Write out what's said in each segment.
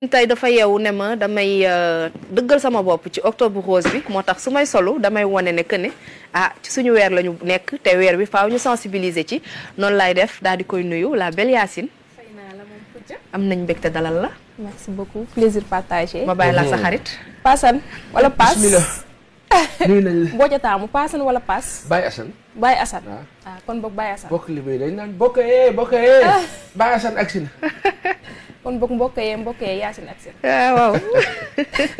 tey dafa yeewu ne ma damay euh, dëggal sama bopp ci octobre rose bi moo tax su may solu damay wane ne que ne ah ci suñu weer la ñu nekk te weer wi faaw ñu sensibiliser ci noonu laay def daal di koy nuyu la belle Yacine. fay am nañ mbégte dalal la. merci beaucoup plaisir partagé. ma bàyyi la sa xarit. Paasan wala Paas nuyu nañ la boo wala Paas. Baye Assane. Ah. Ah, kon boog Baye Assane. bokk li muy naan bokk yee bokk yee Baye Assane na kon bokk mbokk yee mbokk yee Yacine ak seen. Ah, waaw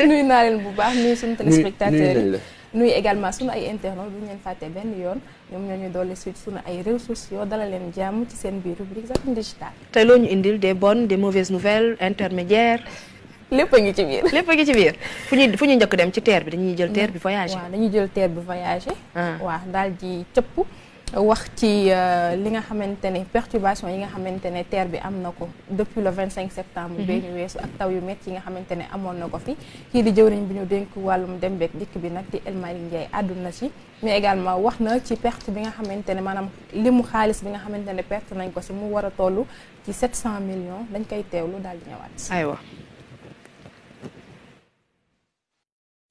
nuyu naa bu baax nuyu suñu téléspectateurs yi nuyu également suñu ay internautes ñu leen fàtte benn yoon ñoom ñoo ñu dolli suite suñu ay réseaux sociaux dalal leen jàmm ci seen biir rubrique Zapping Digital. tey loo ñu indil des bon des mauvaises nouvelles intermédiaires. lépp a ngi ci biir lépp a ngi ci biir fu ñuy fu ñu njëkk dem ci teer bi dañuy jël terre bi voyager. waaw dañuy jël terre bi voyager. Ah. waaw daal di cëpp. wax ci euh, li nga xamante ne perturbation yi nga xamante ne terre bi am na ko depuis le 25 septembre. Mhm. bee ñu weesu ak taw yu métti yi nga xamante ne amoon na ko fi. kii di jëwriñ bi ñu dénk wàllum dem beeg dikk bi nag di El Malick àdduna si mais également wax na ci perte bi nga xamante ne maanaam limu xaalis bi nga xamante ne perte nañ ko si mu war a toll ci 700 millions dañ koy teewlu daal di ñëwaat. aywa.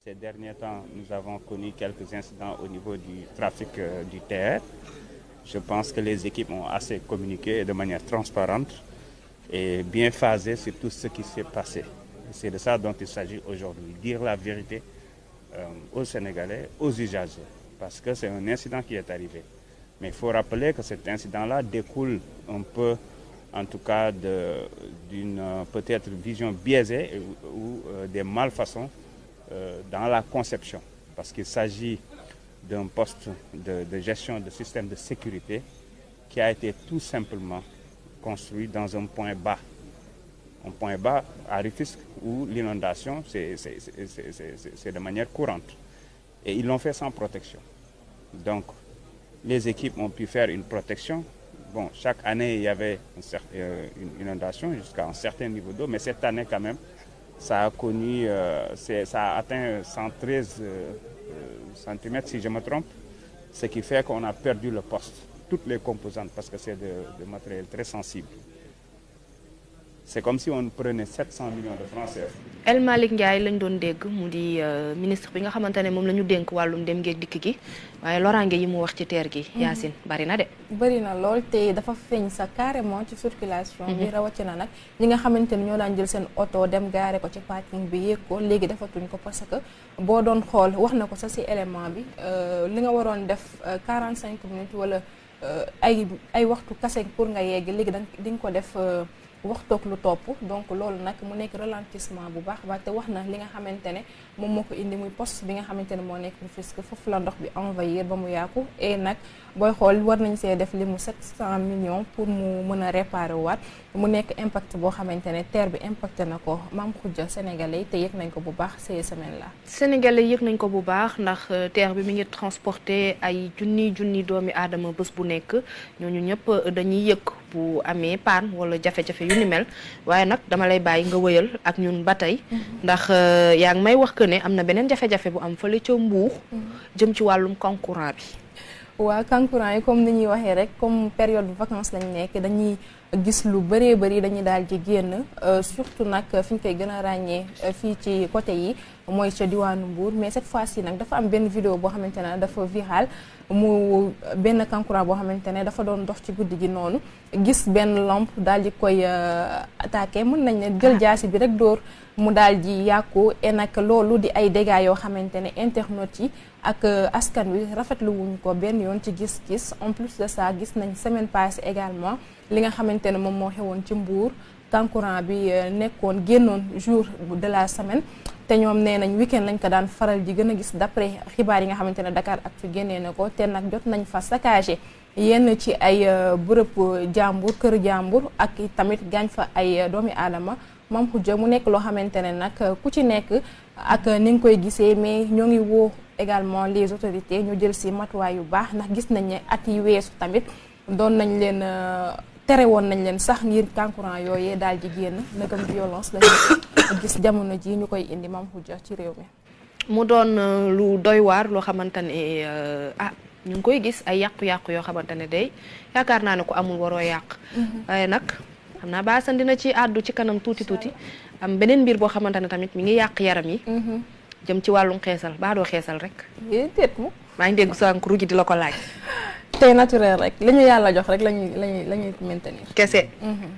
Ces derniers temps, nous avons connu quelques incidents au niveau du trafic euh, du terre. Je pense que les équipes ont assez communiqué de manière transparente et bien phasée sur tout ce qui s'est passé. C'est de ça dont il s'agit aujourd'hui, dire la vérité euh, aux Sénégalais, aux usagers, parce que c'est un incident qui est arrivé. Mais il faut rappeler que cet incident-là découle un peu, en tout cas, d'une euh, peut-être vision biaisée ou, des malfaçons euh, dans la conception, parce qu'il s'agit d'un poste de, gestion de système de sécurité qui a été tout simplement construit dans un point bas. Un point bas à risque où l'inondation, c'est de manière courante. Et ils l'ont fait sans protection. Donc, les équipes ont pu faire une protection. Bon, chaque année, il y avait une, euh, une inondation jusqu'à un certain niveau d'eau, mais cette année, quand même, euh, ça a atteint 113 euh, euh, cm si je me trompe, ce qui fait qu'on a perdu le poste, toutes les composantes, parce que c'est de, de matériel très sensible c'est comme si on prenait 700 millions de francs CFA. El Malik Ndiaye lañ doon dégg mu di euh, ministre bi nga xamantane ne moom la ñu dénk wàllum dem ngeeg dikk gi waaye loraange yi mu wax ci teer gi. Mhm. Yacine bari na de. bari na lool te dafa feeñ sa carrément ci circulation bi mhm. rawatina nag ñi nga xamante ni ñoo daan jël seen oto dem gaare ko ci parking bi yéeg ko léegi defatuñ ko parce que boo doon xool wax na ko sa si élément bi euh, li nga waroon def 45 euh, minutes wala ay ay waxtu kase pour nga yegg léegi da nga ko def. wax toog lu topp donc loolu nag mu nekk ralentissement bu baax ba te wax na li nga xamante ne moom moo ko indi muy post bi nga xamante ne moo nekk Rufisque foofu la ndox bi envahir ba mu yàqu nag booy xool war nañ see def li mu 700 millions pour mu mën a réparer waat mu nekk impact boo xamante ne terre bi impacté na ko maam xujja sénégalais te yëg nañ ko bu baax ces semaines là sénégalais yëg nañ ko bu baax ndax euh, terre bi mi ngi transporter ay junni junni doomi aadama bés bu nekk ñooñu ñëpp euh, dañuy yëg bu amee paan wala jafe-jafe yu ni mel waaye nag dama lay bàyyi nga wëyal ak ñun ba tey ndax euh, yaa ngi may wax que ne am na beneen jafe-jafe bu am fa fële ca mbuux jëm ci wàllum concurrent bi waa concurrent yi comme ni ñuy waxee rek comme période bu vacance lañ nekk dañuy gis lu bëree bëri dañu daal ji génn euh, surtout nag fi ñu koy gën a ràññee euh, fii ci côté yi mooy ca diwaanu Mbour mais cette fois yi nag dafa am benn vidéo boo xamante ne dafa viral mu benn kankuraa boo xamante ne dafa doon dox ci guddi gi noonu gis benn lampe daal di koy euh, attaqué mën nañ ne jël jaasi bi rek dóor mu daal di yàqu et nag loolu di ay dégâts yoo xamante ne internautes yi ak askan wi rafetlu wuñ ko benn yoon ci gis-gis en plus de saa gis nañ semaine passée également li nga xamante xamante ne moom moo xewoon ci euh, nekkoon génnoon jour de la semaine te ñoom nee nañ weekend lañ ko daan faral di gën a gis d'après xibaar yi nga xamante ne Dakar ak génnee na ko te nag jot nañ fa saccagé yenn ci ay euh, bërëb euh, jàmbur kër jàmbur ak tamit gaañ fa ay doomi aadama Mame Khoudia mu nekk loo xamante ne nag ku ci nekk ak ni nga koy gisee mais ñoo ngi woo également les autorités ñu jël si matuwaay yu baax ndax gis nañ ne at yi weesu tamit doon nañ leen tere woon nañ leen sax ngir kankurang yooyee daal ji génn nagam violence la gis jamono ji ñu koy indi Mame Khoudia ci réew mi mu doon euh, lu doy waar loo xamante ne euh, ah ñu ngi koy gis ay yàqu yàq yoo xamante ne day yaakaar naa ne ko amul waroo yàq mm-hmm. waaye nag xam naa baasan dina ci àddu ci kanam tuuti tuuti am beneen mbir boo xamante ne tamit mu ngi yàq yaram yi mm-hmm. jëm ci wàllum xeesal baadoo xeesal rek maa ngi dégg sànq ruuj di la ko laaj. tey naturel rek lañu yàlla jox rek lañuy lañuy la ñuy maintenir. kese. Mhm.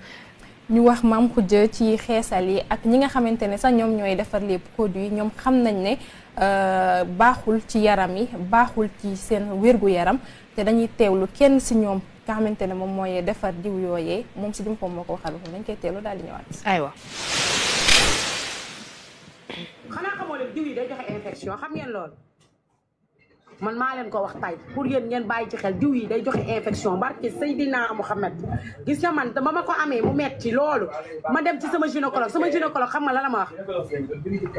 ñu wax maam xujja ci xeesal yi ak ñi nga xamante ne sax ñoom ñooy defar lépp les yi ñoom xam nañ ne euh, baaxul ci yaram yi baaxul ci seen wérgu yaram te dañuy teewlu kenn si ñoom nga xamante ne moom mooy defar diw yooyee moom si jumpoom moo ko waxal waxoon dañ koy teewlu daal di ñëwaat. aywa. xanaa xam ngeen loolu. man maa leen ko wax tay pour yéen ngeen bàyyi ci xel jiw yi day joxe infection barke Seydina Mouhamed gis nga man ba ma ko amee mu metti loolu ma dem ci sama gynécologue sama gynécologue xam nga la la ma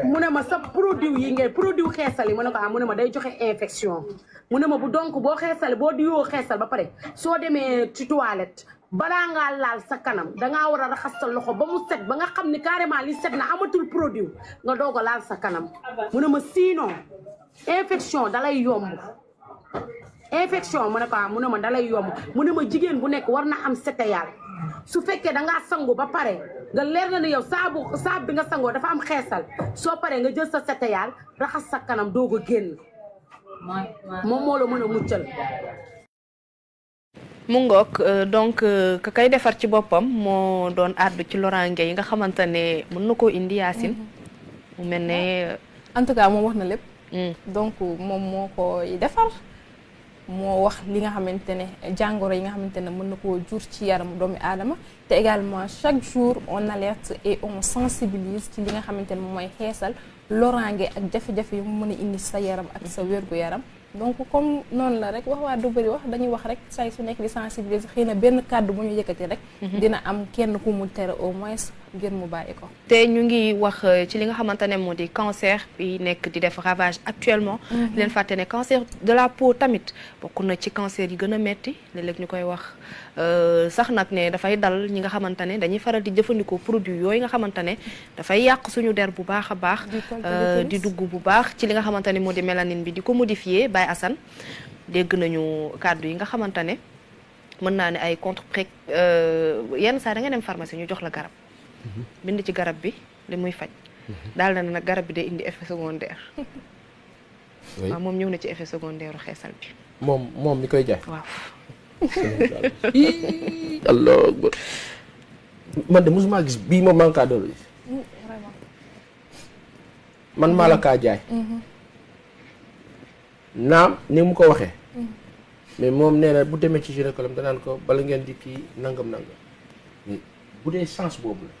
mu ne ma sa produit yi ngay produit xeesali mu ne ko ah mu ne ma day joxe infection mu ne ma bu donc boo xeesal boo diwoo xeesal ba pare soo demee ci toilette balaa ngaa laal sa kanam dangaa war a raxas sa loxo ba mu set ba nga xam ni carrément li set na amatul produit nga doog a laal sa kanam mu ne ma sinon infection dalay yomb infection mu ne ko ah, mu ne ma dalay yomb mu ne ma jigéen bu nekk war na am seteyaal su fekkee da ngaa sangu ba pare nga leer na ne yow saabu saabu bi nga sangoo dafa am xeesal soo paree nga jël sa seteyaal raxas sa kanam doo a génn moom moo la mën a muccal mu ngoog euh, donc euh, ka kay defar ci boppam moo doon àddu ci loraange yi nga xamante ne mën na koo indi yaasin mm-hmm. mu mel ne euh, en tout moom wax na lépp Mm. donc moom moo koy defar moo wax li nga xamante ne jàngoro yi nga xamante ne mën na koo jur ci yaramu doomi aadama te également chaque jour on alerte et on sensibilise ci li nga xamante ne mooy xeesal loraange ak jafe-jafe yu mu mën a indi sa yaram ak sa wér-gu-yaram donc comme noonu la rek wax waa du bëri wax dañuy wax rek say su nekk di sensibiliser xëy na benn kàddu bu ñu yëkkati rek mm-hmm. dina am kenn ku mu tere au moins ngir mu bayiko té ñu ngi wax euh, ci li nga xamantane mo di cancer bi nek di def ravage actuellement mhm. di leen faté né cancer de la peau tamit bokku na ci cancer yi gëna metti léeg lek ñukoy wax euh sax né da fay dal ñi nga xamantane dañuy faral di jëfëndiko produit yoy nga xamantane da fay yaq suñu der bu baax euh di dugg bu baax ci li nga xamantane mo di mélanine bi di ko modifier bay Assane dégg nañu kàddu yi nga xamantane mën na né ay contre euh, yenn sa da nga dem pharmacie ñu jox la garab Mhm. bind ci garab bi li muy faj. Mhm. daal na nag garab bi de indi effet secondaire. waaw moom ñëw na ci effet secondaire xeesal bi. moom moom mi koy jaay. man de mosuma gis bii moom maa ngi kaa mm, man maa la kaa jaay. Mm-hmm. naam ni mu ko waxee. Mm-hmm. mais moom nee na bu demee ci gynécologue danaan ko bala ngeen di kii nangam nangam. mais bu dee sens boobu la.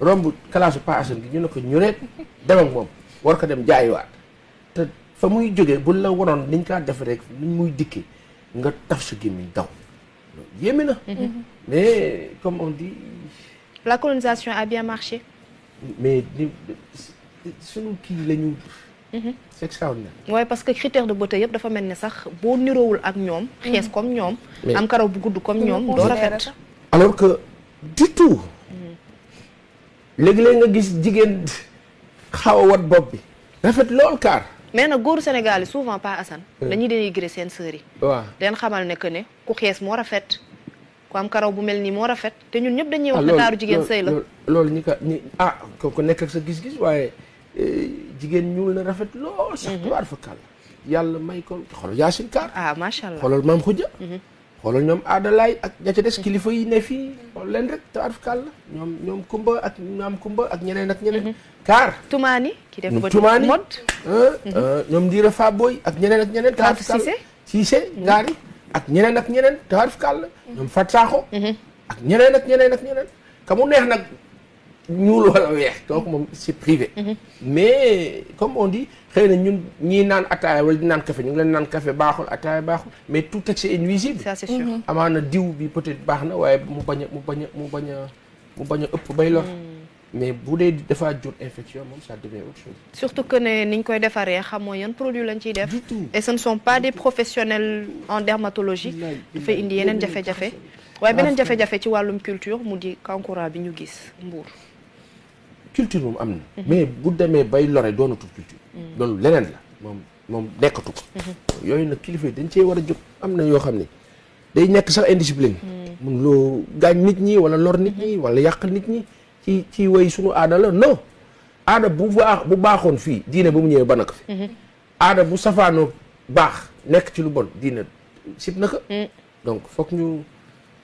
romb kalaasu Pa Assane gi ñu ne ko ñureet dem ak moom war ko dem jaayiwaat te fa muy jógee bu la waroon niñ kaa def rek ni muy dikkee nga taf sa gémmiñ daw yéeme na mhm. mais comme on dit la colonisation a bien marché mais suñu kii la ñu mhm. c'est extraordinaire. waaye parce que critère de beauté yëpp dafa mel ni sax boo niroowul ak ñoom mhm. xees comme ñoom am karaw bu gudd comme ñoom doo rafet alors que du tout léegi-léeg nga gis jigéen xaw a wat bopp bi rafet lool kaar mais góor góoru souvent pas Assane hmm. dañuy dénigré seen sœurs yi waaw den xamal ne que ne ku xees moo rafet ku am karaw bu mel nii moo rafet te ñun ñëpp dañuy wax ah, ne taaru jigéen sëy la loolu ñi ka ñi ah kooku nekk ak sa gis-gis waaye eh, jigéen ñuul na rafet lool sax mhm. tubaar fa kàll yàlla may ko xoolal yaasin kaar ah macha allah xoolal maam xujja xoolal ñoom aadalaay ak ña ca des kilifa yi ne fii xool leen rek taarfkal la ñoom ñoom kumba ak ñaam kumba ak ñeneen ak ñeneen mhm. kaar tumaani ki def tumaani mod mhm. euh, ñoom ndiira fa booy ak ñeneen ak ñeneen taarfkal siise ngaari ak ñeneen ak ñeneen taarfkal la mhm. ñoom fat saaxo ak ñeneen ak ñeneen ak ñeneen ka mu neex nag Nous wala donc c'est privé mhm. mais comme on dit nous ñun café mais tout est nuisible ça c'est sûr mhm. amana diw bi peut-être baxna waye mu mu mais surtout que koy produit et ce ne sont pas des professionnels en dermatologie. indi ci culture mu di culture moom am na. mais bu demee bay lore doonatul culture. Mm. loolu leneen la moom moom nekkatu ko. Mm-hmm. yooyu nag kilifa yi dañ cee war a jóg am na yoo xam ne day nekk sax indiscipline. Mm. mun loo gaañ nit ñi wala lor nit ñi mm-hmm. wala yàq nit ñi ci ci way sunu aada la non aada bu bu baaxoon fii diine ba mu ñëwee ba na ko fi. Mm-hmm. aada bu safaanoo baax nekk ci lu bon diine sib na mm. donc foog ñu.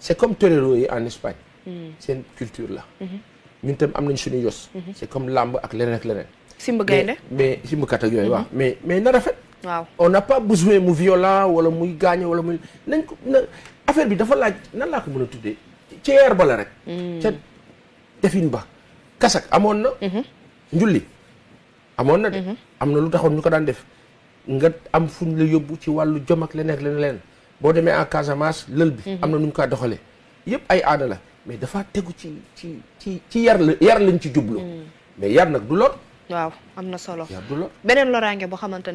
C'est comme torero en Espagne. c'est hmm. une culture là. Hmm. ñun tam am nañ suñu yos. Hmm. c' comme làmb ak leneen ak leneen. simb gaynde mais simb kat ak yooyu waaw mais mais na rafet. on n'a pas besoin mu violent wala muy gaañe wala muy nañ ko na affaire bi dafa laaj nan laa ko mën a tuddee ci la rek. ca defin ba kasak amoon na. njulli amoon na de. am na lu taxoon ñu daan def nga am fuñ le yóbbu ci wàllu jom ak leneen ak leneen. bo demee à Casamance leul bi mhm. amna nuñ ko doxalé yépp ay aada la mais dafa téggu ci ci ci yar la yar lañ ci djublu mm. mais yar nak du lor waaw amna solo yar du lor benen loraange bo xamante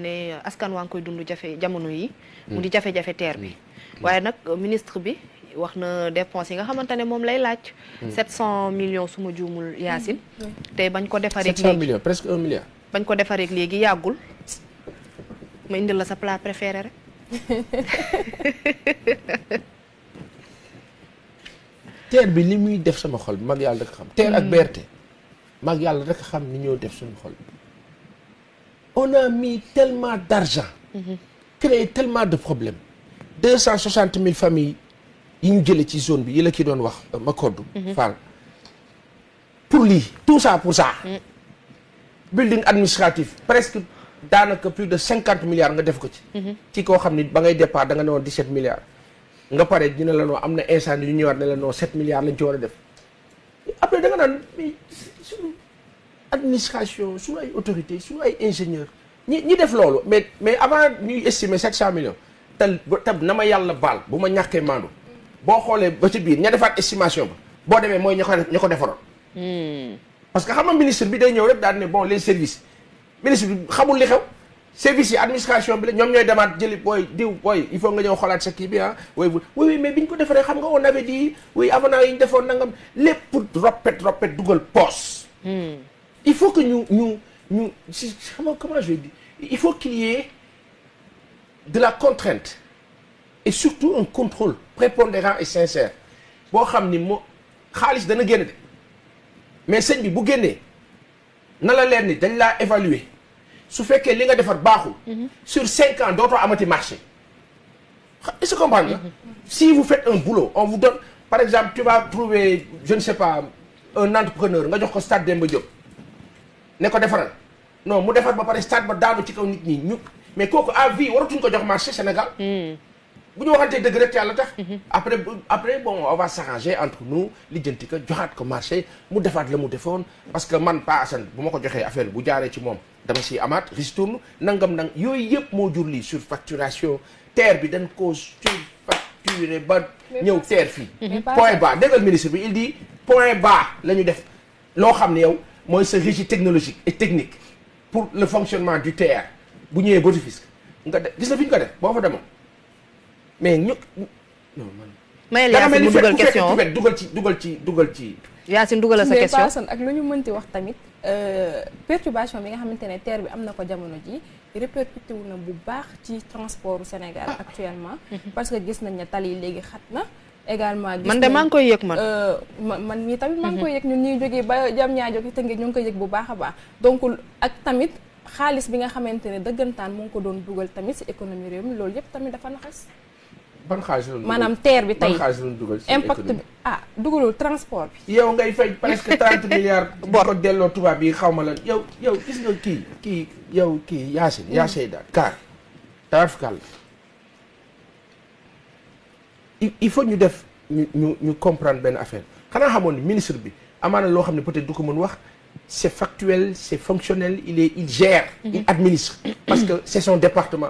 askan wa ng koy dundu jafé jamono yi mu di jafé mm. jafé terre bi mm. waaye nak ministre bi waxna dépenses yi nga xamante mom lay lacc 700 millions suma djumul yassine Yacine bañ ko défaré 700 millions presque 1 milliard bañ ko défaré légui yagul ma indi la sa plat préféré rek on a mis tellement d'argent mhm. créé tellement de problèmes 260 000 familles yi ñu jële zone la euh, ma mhm. pour lui, tout ça pour ça mm. building administratif presque daanaka plus de cinquante milliards nga def ko ci. Mhm. ci koo xam ni ba ngay départ da nga ne woon dix-sept milliards. nga pare ñu la noo am na incendie yu ñëwaat ne la noo sept milliards lañ ci war a def après da nga su suñu administration suñu ay autorité suñu ay ingénieur ñi ñi def loolu mais mais avant ñuy estimer sept cent millions te tab na ma yàlla baal bu ma ñàkkee maandu boo xoolee ba ci biir ña defaat estimation ba boo demee mooy ña ko ña ko defaroon hmm. parce que xam nga bi day ñëw rek daal ne bon les services ministre si, xamul li xew service administration bi ñom ñoy ñooy jël boy diw boy il faut nga ñew xoolaat sa kii bi ah. oui oui mais biñ ko defaree xam nga on avait dit oui avenant yi ñu défon nangam lépp pour ropet ropet poste hmm il faut que ñu ñu ñu si comment je vais dire il faut qu'il y ait de la contrainte et surtout un contrôle prépondérant et sincère bo xamni mo moo xaalis dana génné mais sëñ bi bu génné na la leer dañ la évaluer su fekkee li nga defar baaxul. Mhm. sur 5 ans dootoo amati marché. est-ce que comprendre nga. Mhm. si vous faites un boulot on vous donne par exemple tu vas trouver je ne sais pas un entrepreneur nga jox ko stade Demba Diop ne ko defaral non mu defar ba pare stade ba daanu ci kaw nit ñi ñu mais kooku à vie waratuñ ko jox marché Sénégal. Hmm. bu ñu waxantee dëgg rek yàlla tax. Mhm. après après bon on va s'arranger entre nous lijjanti ko joxaat ko marché mu defaat la mu defoon parce que man Pa Assane bu ma ko joxee affaire bu jaaree ci moom dama si Amat, ristourne nangam nang yo yep sur facturation, terre bi ko facturé ba terre point bas ministre il dit point bas def technologique et technique pour le fonctionnement du terre, bu ñëwee Botifisk nga def mais non man. la Yacine dugalal sa question mais ak lu ñu mënti wax tamit euh, perturbation bi nga xamante ne teer bi am na ko jamono ji répercuté wu na bu baax ci transport Sénégal ah. actuellement. Mhm. parce que gis nañ ne tali léegi xat na. également gis man de maa koy yëg man. Euh, man mii tamit maa ngi mhm. koy yëg ñun ñuy jógee ba jam ñaa jógee te ñu ngi ko yëg bu baax a baax donc ak tamit. xaalis bi nga xamante ne dëggantaan moo ngi ko doon dugal tamit ci économie réew mi loolu yëpp tamit dafa naxas ban xaalis la maanaam terre bi tey ban xaalis la dugal impact bi ah dugalul transport bi. yow ngay fay presque trente milliards. bor ko delloo tubaab yi xaw ma lan yow yow gis nga kii kii yow kii Yacine mm. Yacine daal car trafical il faut ñu def ñu ñu comprendre benn affaire xanaa xamoon ministre bi amaana loo xam ne peut-être du ko mën wax c'est factuel c'est fonctionnel il est il gère. il mm-hmm. administre parce que c'est son département.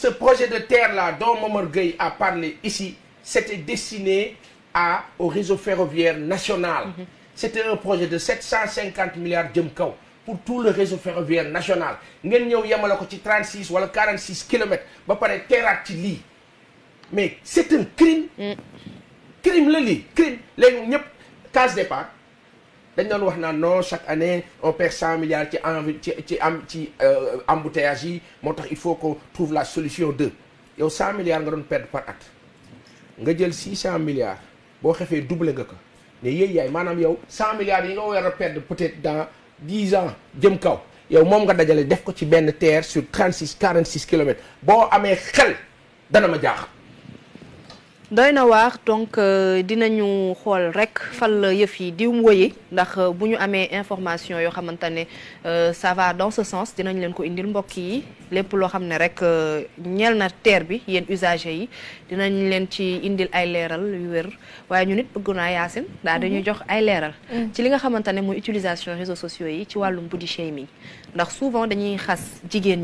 ce projet de terre-là dont mon a parlé ici, c'était destiné à, au réseau ferroviaire national. Mhm. C'était un projet de 750 milliards de pour tout le réseau ferroviaire national. Nous avons 36 ou 46 km ba paré terre, à li. Mais c'est un crime. Mm. Crime le crime. les ñep case départ nous non, chaque année, on perd 100 milliards qui ont été embouteillés. Il faut qu'on trouve la solution d'eux. Et 100 milliards de perdre par acte. Si on a 600 milliards, on a fait double de ça. Mais il y a 100 milliards de perdre peut-être dans 10 ans. Et on a fait des petits bains terre sur 36-46 km. Si on a fait des bains de doy na donc euh, dinañu xol rek fal yeuf yi ndax euh, information euh, ça va dans ce sens dinañ leen ko indil mbokk yi lepp lo xamné rek ñel na terre bi usagers yi dinañ leen ci indil ay léral yu wër ñu nit mhm. jox ay mhm. ci li réseaux sociaux yi ci souvent dañuy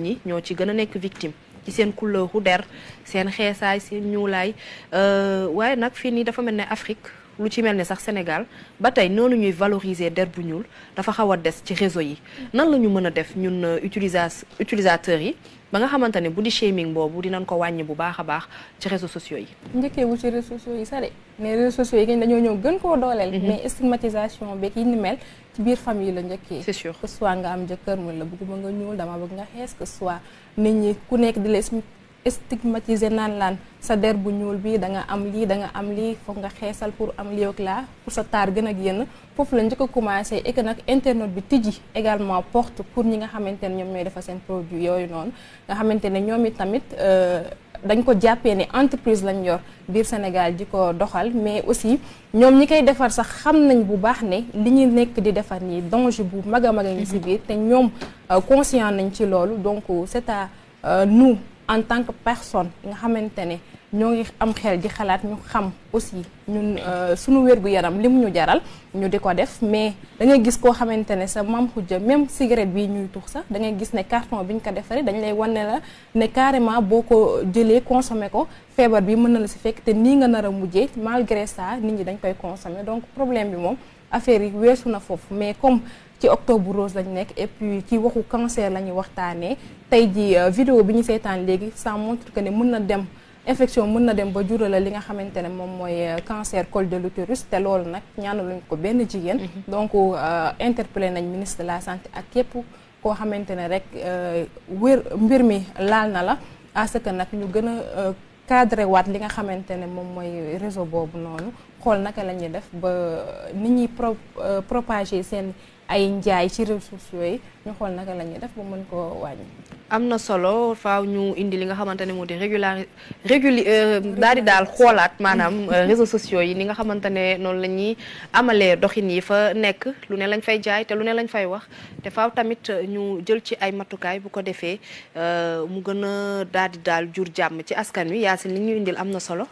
ñi ci victime ci seen couleur u der seen xeesaay seen ñuulaay euh, waaye nag fii nii dafa mel ne Afrique lu ci mel ne sax Sénégal ba tey noonu ñuy valoriser der bu ñuul dafa xaw a des ci réseau yi nan la ñu mën a def ñun euh, utilisa utilisateurs yi ba nga xamante ne bu di shaming boobu dinañ ko wàññi bu baax a baax ci réseaux sociaux yi njëkkee wu ci réseaux sociaux yi sa de mais réseaux sociaux yi dañoo ñëw gën koo dooleel mhm. mais stigmatisation beeg yi ni mel ci biir famille la njëkkee c'est sûr que soit nga am jëkër mu la bëgguma nga ñuul dama bëgg nga xees que soit nit ñi ku nekk di les stigmatiser nan lan sa der bu ñuul bi da nga am lii da nga am lii foog nga xeesal pour am lii ak laa pour sa taar gën ak yenn foofu la njëkk a commencé et que nag internet bi tijji également porte pour ñi nga xamante ne ñoom ñooy defar seen produit yooyu noonu nga xamante ne ñoom it dañ ko jàppee ne entreprise lañ yor biir Sénégal di ko doxal mais aussi ñoom ñi koy defar sax xam nañ bu baax ne li ñu nekk di defar nii danger bu mag a mag a ngi si biir te ñoom euh, conscient nañ ci loolu donc euh, c'est à euh, nous en tant que personne nga xamante ne ñoo ngi am xel di xalaat ñu xam aussi ñun euh, suñu wér-gu-yaram li mu ñu jaral ñu di ko def mais da ngay gis koo xamante ne sa mam xujja même cigarette bi ñuy tuux sa da ngay gis ne carton bi ñu ko defaree dañ lay wane la ne carrément boo ko jëlee consommé ko feebar bi mën na la si fekk te nii nga nar a mujjee malgré ça nit ñi dañ koy consommer donc problème bi moom affaire yi weesu na foofu mais comme ci octobre rose lañu nekk et puis ci waxu cancer la ñuy waxtaanee tey ji euh, vidéo bi ñu seetaan léegi ça montre que ne mën na dem infection mën na dem ba jurala li nga xamante ne moom mooy euh, cancer col de l'utérus te loolu nag ñaanaluñ ko benn jigéen mm-hmm. donc euh, interpellé nañ ministre la santé ak képp koo xamante ne rek euh, wér mbir mi laal na la à ce que nag ñu gën a cadré waat li nga xamante ne moom mooy réseau boobu noonu xool naka la ñuy def ba nit ñuy pro propager seen ay njaay ci réseaux yooyu ñu xool naka la def ba mën ko wàññi am na solo faw ñu indi li nga xamante ne moo di régulari réguli euh, daal di daal xoolaat maanaam euh, réseaux sociaux yi ni nga xamante ne noonu la ñuy amalee doxin yi fa nekk lu ne lañ fay jaay te lu ne lañ fay wax te faaw tamit ñu jël ci ay matukaay bu ko defee euh, mu gën a daal di daal jur jàmm ci askan wi Yacine li ñu indil am na solo.